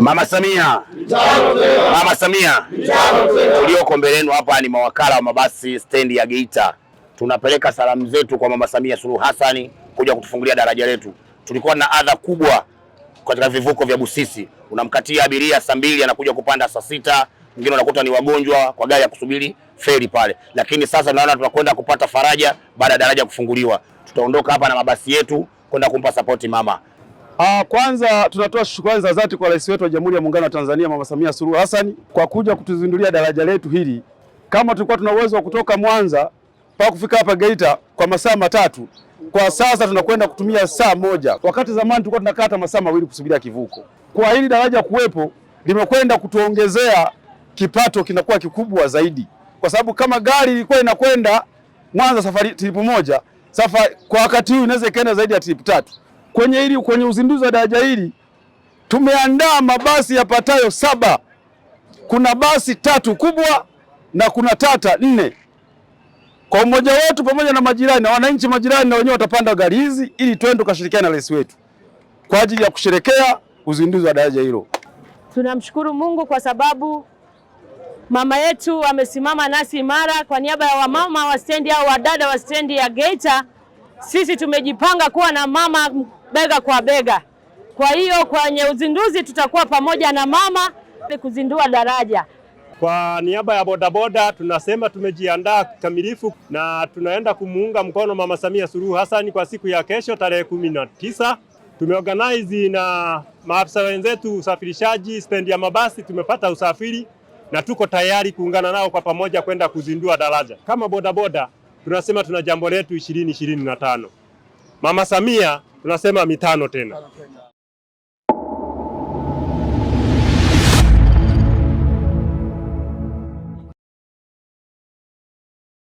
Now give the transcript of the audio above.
Mama Samia, Mama Samia, tulioko mbelenu hapa ni mawakala wa mabasi stendi ya Geita. Tunapeleka salamu zetu kwa Mama Samia Suluhu Hassan kuja kutufungulia daraja letu. Tulikuwa na adha kubwa katika vivuko vya Busisi, unamkatia abiria saa mbili anakuja kupanda saa sita wengine unakuta ni wagonjwa kwa gari ya kusubiri feri pale, lakini sasa naona tunakwenda kupata faraja baada ya daraja kufunguliwa. Tutaondoka hapa na mabasi yetu kwenda kumpa sapoti mama. Uh, kwanza tunatoa shukrani za dhati kwa rais wetu wa Jamhuri ya Muungano wa Tanzania Mama Samia Suluhu Hassan kwa kuja kutuzindulia daraja letu hili. Kama tulikuwa tuna uwezo wa kutoka Mwanza mpaka kufika hapa Geita kwa masaa matatu, kwa sasa tunakwenda kutumia saa moja, wakati zamani tulikuwa tunakata masaa mawili kusubiria kivuko. Kwa hili daraja kuwepo, limekwenda kutuongezea kipato kinakuwa kikubwa zaidi, kwa sababu kama gari ilikuwa inakwenda Mwanza safari tripu moja, safari kwa wakati huu inaweza ikaenda zaidi ya tripu tatu kwenye, hili kwenye uzinduzi wa daraja hili tumeandaa mabasi yapatayo saba. Kuna basi tatu kubwa na kuna tata nne kwa umoja wetu pamoja na majirani na wananchi majirani na wenyewe watapanda gari hizi ili twende tukashirikiana na rais wetu kwa ajili ya kusherekea uzinduzi wa daraja hilo. Tunamshukuru Mungu kwa sababu mama yetu amesimama nasi imara. Kwa niaba ya wamama wa stendi au wadada wa stendi ya Geita, sisi tumejipanga kuwa na mama bega kwa bega. Kwa hiyo kwenye uzinduzi tutakuwa pamoja na mama kuzindua daraja. Kwa niaba ya bodaboda tunasema tumejiandaa kikamilifu na tunaenda kumuunga mkono Mama Samia Suluhu Hassan kwa siku ya kesho tarehe kumi na tisa. Tumeorganize na maafisa wenzetu usafirishaji, stendi ya mabasi, tumepata usafiri na tuko tayari kuungana nao kwa pamoja kwenda kuzindua daraja. Kama bodaboda tunasema tuna jambo letu ishirini ishirini na tano Mama Samia tunasema mitano tena.